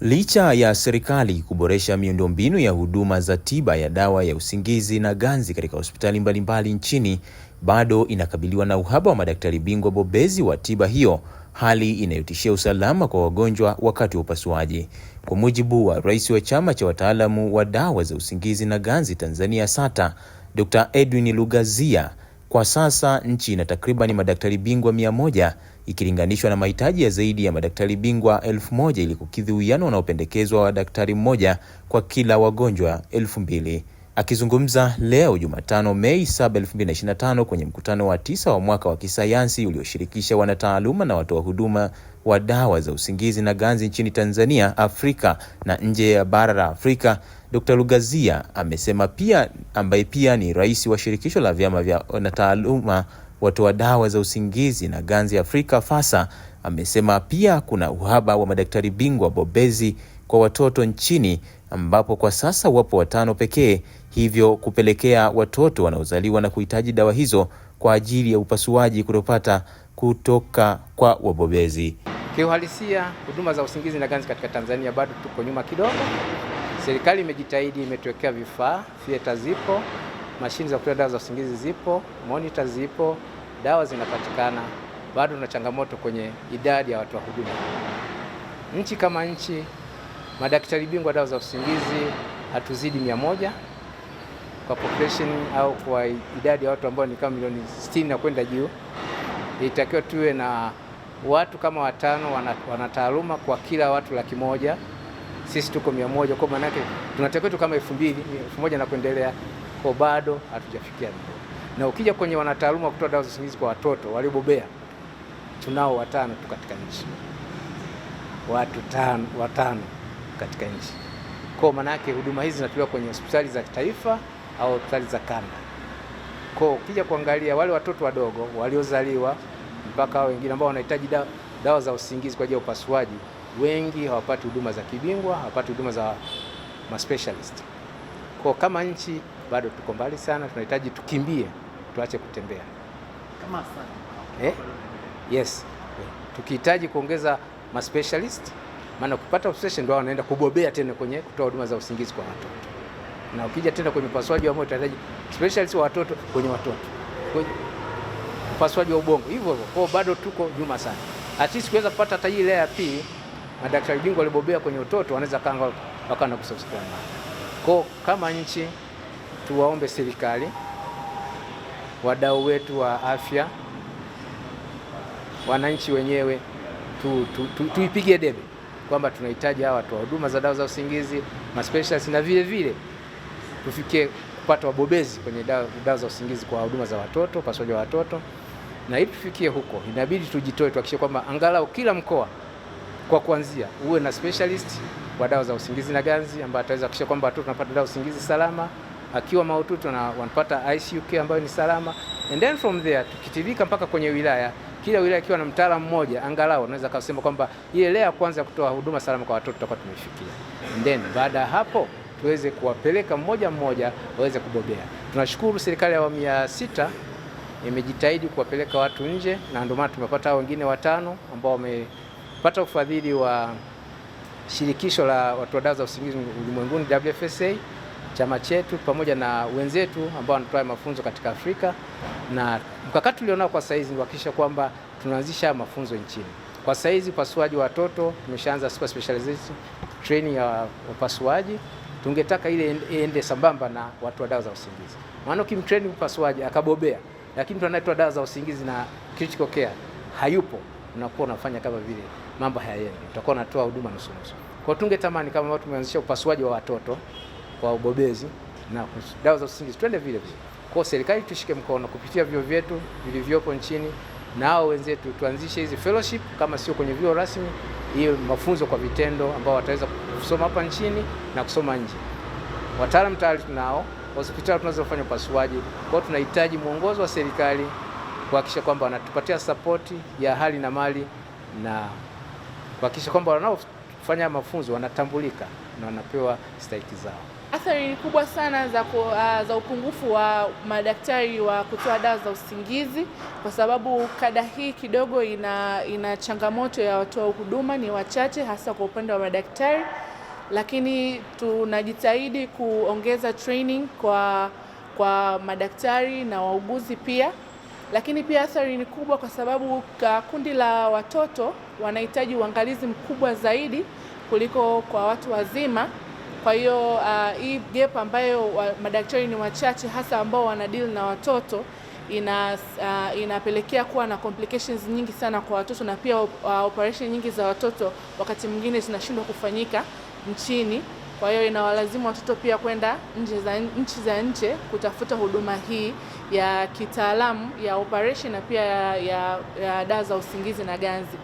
Licha ya serikali kuboresha miundombinu ya huduma za tiba ya dawa ya usingizi na ganzi katika hospitali mbalimbali nchini, bado inakabiliwa na uhaba wa madaktari bingwa bobezi wa tiba hiyo, hali inayotishia usalama kwa wagonjwa wakati wa upasuaji. Kwa mujibu wa Rais wa Chama cha Wataalamu wa Dawa za Usingizi na Ganzi Tanzania, SATA, dr Edwin Lugazia kwa sasa nchi ina takriban madaktari bingwa mia moja ikilinganishwa na mahitaji ya zaidi ya madaktari bingwa elfu moja ili kukidhi uwiano unaopendekezwa wa daktari mmoja kwa kila wagonjwa elfu mbili. Akizungumza leo Jumatano, Mei 7, 2025 kwenye mkutano wa tisa wa mwaka wa kisayansi ulioshirikisha wanataaluma na watoa huduma wa dawa za usingizi na ganzi nchini Tanzania, Afrika na nje ya bara la Afrika, Dkt. Lugazia amesema pia, ambaye pia ni rais wa shirikisho la vyama vya wanataaluma watoa dawa za usingizi na ganzi Afrika, Fasa, amesema pia kuna uhaba wa madaktari bingwa bobezi kwa watoto nchini ambapo kwa sasa wapo watano pekee, hivyo kupelekea watoto wanaozaliwa na kuhitaji dawa hizo kwa ajili ya upasuaji kutopata kutoka kwa wabobezi. Kiuhalisia, huduma za usingizi na ganzi katika Tanzania bado tuko nyuma kidogo. Serikali imejitahidi, imetuwekea vifaa, theater zipo, mashine za kutoa dawa za usingizi zipo, monitor zipo, dawa zinapatikana. Bado tuna changamoto kwenye idadi ya watu wa huduma. Nchi kama nchi Madaktari bingwa dawa za usingizi hatuzidi mia moja kwa population au kwa idadi ya watu ambao ni kama milioni 60 na kwenda juu. itakiwa tuwe na watu kama watano wanataaluma kwa kila watu laki moja. Sisi tuko mia moja, kwa maana yake tunatakiwa tu kama elfu mbili elfu moja na kuendelea, kwa bado hatujafikia. Na ukija kwenye wanataaluma kutoa dawa za usingizi kwa watoto waliobobea, tunao watano tu katika nchi, watu tano, watano katika nchi. Kwa maana yake huduma hizi zinatolewa kwenye hospitali za kitaifa au hospitali za kanda. Kwa ukija kuangalia wale watoto wadogo waliozaliwa mpaka wengine ambao wanahitaji dawa, dawa za usingizi kwa ajili ya upasuaji, wengi hawapati huduma za kibingwa, hawapati huduma za specialist. Kwa kama nchi bado tuko mbali sana, tunahitaji tukimbie, tuache kutembea kama eh? Yes, tukihitaji kuongeza maspecialist maana kupata obsession ndio wanaenda kubobea tena kwenye kutoa huduma za usingizi kwa watoto, na ukija tena kwenye upasuaji wa moyo utahitaji specialist wa watoto kwenye watoto, kwenye upasuaji wa ubongo hivyo hivyo. Kwa bado tuko nyuma sana, at least kuweza kupata hata hii ya pili, madaktari bingwa walibobea kwenye watoto wanaweza kanga wakaanza kusubscribe. Kwa kama nchi tuwaombe serikali, wadau wetu wa afya, wananchi wenyewe tuipige tu, tu, tu debe kwamba tunahitaji hawa watu wa huduma za dawa za usingizi, maspecialist na vile vile tufikie kupata wabobezi kwenye dawa, dawa za usingizi kwa huduma za watoto, upasuaji wa watoto. Na ili tufikie huko, inabidi tujitoe, tuhakikishe kwamba angalau kila mkoa kwa kuanzia uwe na specialist wa dawa za usingizi na ganzi ambaye ataweza kuhakikisha kwamba watoto wanapata dawa za usingizi salama, akiwa mahututi wanapata ICU care ambayo ni salama, and then from there tukitibika mpaka kwenye wilaya kila wilaya ikiwa na mtaalamu mmoja angalau, unaweza kusema kwamba ile lea kwanza ya kutoa huduma salama kwa watoto tutakuwa tumefikia, then baada ya hapo tuweze kuwapeleka mmoja mmoja waweze kubobea. Tunashukuru serikali ya awamu ya sita imejitahidi kuwapeleka watu nje, na ndio maana tumepata wengine watano ambao wamepata ufadhili wa shirikisho la watoa dawa za usingizi ulimwenguni WFSA, chama chetu pamoja na wenzetu ambao wanatoa mafunzo katika Afrika na mkakati tulionao kwa saizi ni kuhakikisha kwamba tunaanzisha mafunzo nchini. Kwa saizi upasuaji wa watoto tumeshaanza super specialization training ya upasuaji, tungetaka ile iende sambamba na watu wa dawa za usingizi, maana ukimtraining upasuaji akabobea, lakini mtu anayetoa dawa za usingizi na critical care hayupo, unakuwa unafanya kama vile mambo hayaendi, utakuwa unatoa huduma nusu nusu. Kwa tungetamani kama watu tumeanzisha upasuaji wa watoto kwa ubobezi na dawa za usingizi, twende vile vile. Kwa serikali tushike mkono kupitia vyuo vyetu vilivyopo nchini na hao wenzetu, tuanzishe hizi fellowship kama sio kwenye vyuo rasmi, hiyo mafunzo kwa vitendo ambao wataweza kusoma hapa nchini na kusoma nje. Wataalamu tayari tunao, hospitali tunazofanya upasuaji kwao, tunahitaji mwongozo wa serikali kuhakikisha kwamba wanatupatia sapoti ya hali na mali na kuhakikisha kwamba wanaofanya mafunzo wanatambulika na wanapewa stahiki zao athari ni kubwa sana za, ku, uh, za upungufu wa madaktari wa kutoa dawa za usingizi, kwa sababu kada hii kidogo ina, ina changamoto ya watoa huduma ni wachache, hasa kwa upande wa madaktari, lakini tunajitahidi kuongeza training kwa, kwa madaktari na wauguzi pia. Lakini pia athari ni kubwa kwa sababu kundi la watoto wanahitaji uangalizi mkubwa zaidi kuliko kwa watu wazima. Kwa hiyo uh, hii gap ambayo wa, madaktari ni wachache hasa ambao wanadeal na watoto ina, uh, inapelekea kuwa na complications nyingi sana kwa watoto na pia uh, operation nyingi za watoto wakati mwingine zinashindwa kufanyika nchini. Kwa hiyo inawalazimu watoto pia kwenda nje za nchi za nje kutafuta huduma hii ya kitaalamu ya operation na pia ya, ya, ya dawa za usingizi na ganzi.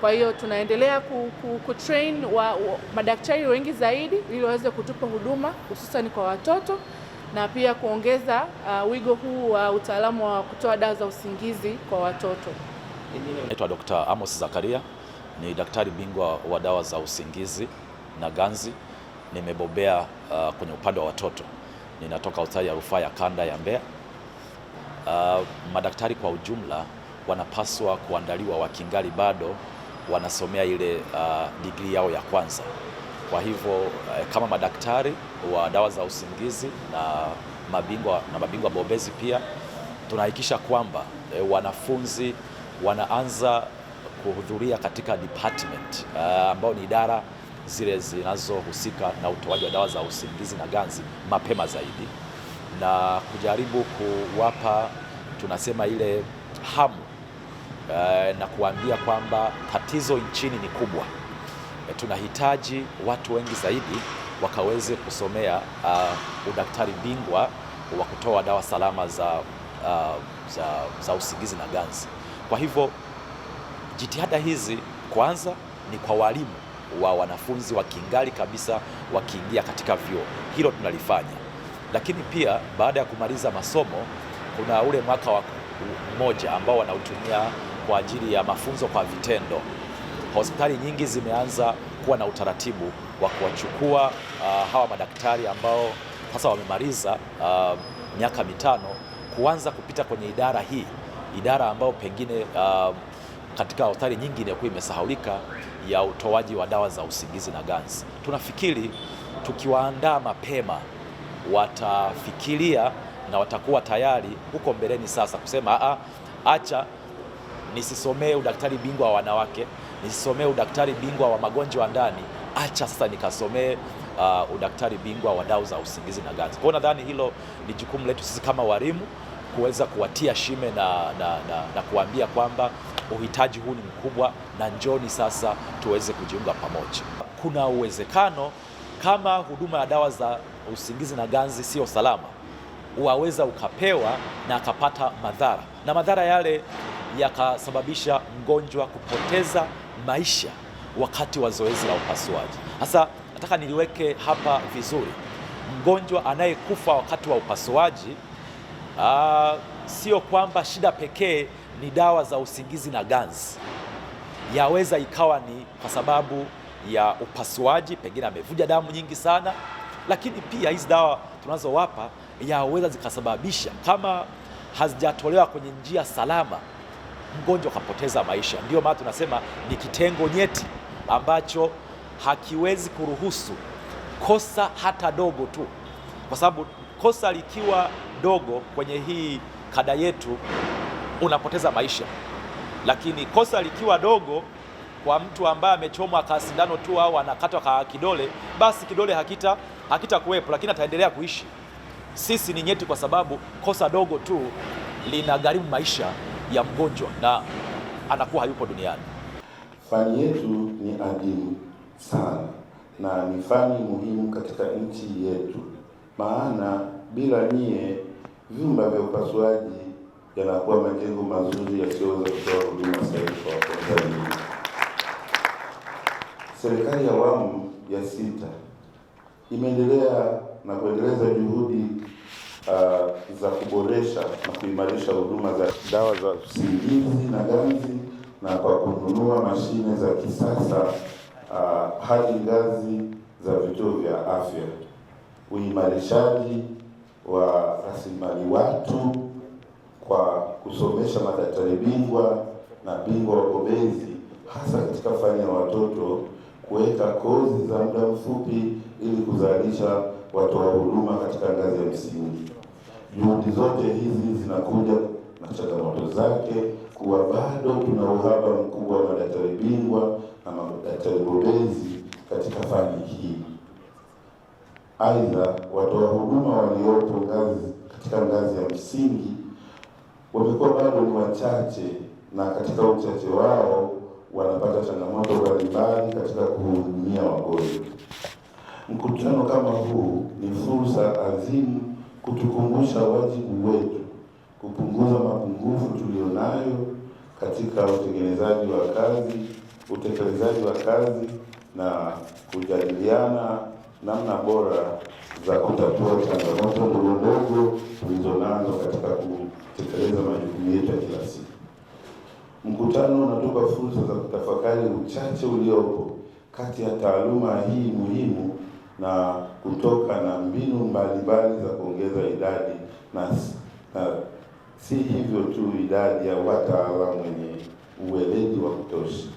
Kwa hiyo tunaendelea ku, ku, ku train wa, wa, madaktari wengi zaidi ili waweze kutupa huduma hususani kwa watoto na pia kuongeza uh, wigo huu wa uh, utaalamu wa kutoa dawa za usingizi kwa watoto. Naitwa Dr. Amos Zakaria, ni daktari bingwa wa dawa za usingizi na ganzi. Nimebobea uh, kwenye upande wa watoto. Ninatoka hospitali ya rufaa ya kanda ya Mbeya. Uh, madaktari kwa ujumla wanapaswa kuandaliwa wakingali bado wanasomea ile uh, digrii yao ya kwanza. Kwa hivyo uh, kama madaktari wa dawa za usingizi na mabingwa na mabingwa bobezi pia tunahakikisha kwamba uh, wanafunzi wanaanza kuhudhuria katika department uh, ambao ni idara zile zinazohusika na utoaji wa dawa za usingizi na ganzi mapema zaidi na kujaribu kuwapa tunasema ile hamu uh, na kuambia kwamba tatizo nchini ni kubwa. E, tunahitaji watu wengi zaidi wakaweze kusomea uh, udaktari bingwa wa kutoa dawa salama za, uh, za, za usingizi na ganzi. Kwa hivyo jitihada hizi kwanza ni kwa walimu wa wanafunzi kingali kabisa wakiingia katika vyuo, hilo tunalifanya, lakini pia baada ya kumaliza masomo kuna ule mwaka wa mmoja ambao wanautumia kwa ajili ya mafunzo kwa vitendo. Hospitali nyingi zimeanza kuwa na utaratibu wa kuwachukua uh, hawa madaktari ambao sasa wamemaliza uh, miaka mitano kuanza kupita kwenye idara hii, idara ambayo pengine uh, katika hospitali nyingi inayokuwa imesahaulika ya utoaji wa dawa za usingizi na ganzi. Tunafikiri tukiwaandaa mapema watafikiria na watakuwa tayari huko mbeleni sasa kusema a, acha nisisomee udaktari bingwa wa wanawake, nisisomee udaktari bingwa wa magonjwa ya ndani, acha sasa nikasomee uh, udaktari bingwa wa dawa za usingizi na ganzi. Kwa nadhani hilo ni jukumu letu sisi kama walimu kuweza kuwatia shime na, na, na, na kuambia kwamba uhitaji huu ni mkubwa na njoni sasa tuweze kujiunga pamoja. Kuna uwezekano kama huduma ya dawa za usingizi na ganzi sio salama, waweza ukapewa na akapata madhara na madhara yale yakasababisha mgonjwa kupoteza maisha wakati wa zoezi la upasuaji. Sasa nataka niliweke hapa vizuri, mgonjwa anayekufa wakati wa upasuaji aa, ah, sio kwamba shida pekee ni dawa za usingizi na ganzi. Yaweza ikawa ni kwa sababu ya upasuaji, pengine amevuja damu nyingi sana, lakini pia hizi dawa tunazowapa yaweza zikasababisha kama hazijatolewa kwenye njia salama mgonjwa akapoteza maisha. Ndio maana tunasema ni kitengo nyeti ambacho hakiwezi kuruhusu kosa hata dogo tu, kwa sababu kosa likiwa dogo kwenye hii kada yetu unapoteza maisha, lakini kosa likiwa dogo kwa mtu ambaye amechomwa kasindano tu au anakatwa ka kidole, basi kidole hakita kuwepo lakini ataendelea kuishi. Sisi ni nyeti kwa sababu kosa dogo tu lina gharimu maisha ya mgonjwa na anakuwa hayupo duniani. Fani yetu ni adimu sana na ni fani muhimu katika nchi yetu, maana bila nyie vyumba vya upasuaji yanakuwa majengo mazuri yasiyoweza kutoa huduma sahihi kwa Watanzania. Serikali ya awamu ya sita imeendelea na kuendeleza juhudi za kuboresha na kuimarisha huduma za dawa za usingizi na ganzi na kwa kununua mashine za kisasa uh, hadi ngazi za vituo vya afya, uimarishaji wa rasilimali watu kwa kusomesha madaktari bingwa na bingwa wabobezi hasa katika fani ya watoto, kuweka kozi za muda mfupi ili kuzalisha watoa huduma katika ngazi ya msingi. Juhudi zote hizi zinakuja na changamoto zake, kuwa bado tuna uhaba mkubwa wa madaktari bingwa na madaktari bobezi katika fani hii. Aidha, watoa huduma waliopo ngazi katika ngazi ya msingi wamekuwa bado ni wachache, na katika uchache wao wanapata changamoto mbalimbali katika kuhudumia wagonjwa. Mkutano kama huu ni fursa adhimu kutukumbusha wajibu wetu kupunguza mapungufu tuliyonayo katika utengenezaji wa kazi, utekelezaji wa kazi na kujadiliana namna bora za kutatua changamoto ndogo ndogo tulizonazo katika kutekeleza majukumu yetu ya kila siku. Mkutano unatupa fursa za kutafakari uchache uliopo kati ya taaluma hii muhimu na kutoka na mbinu mbalimbali za kuongeza idadi na, na si hivyo tu idadi ya wataalamu wenye uweledi wa kutosha.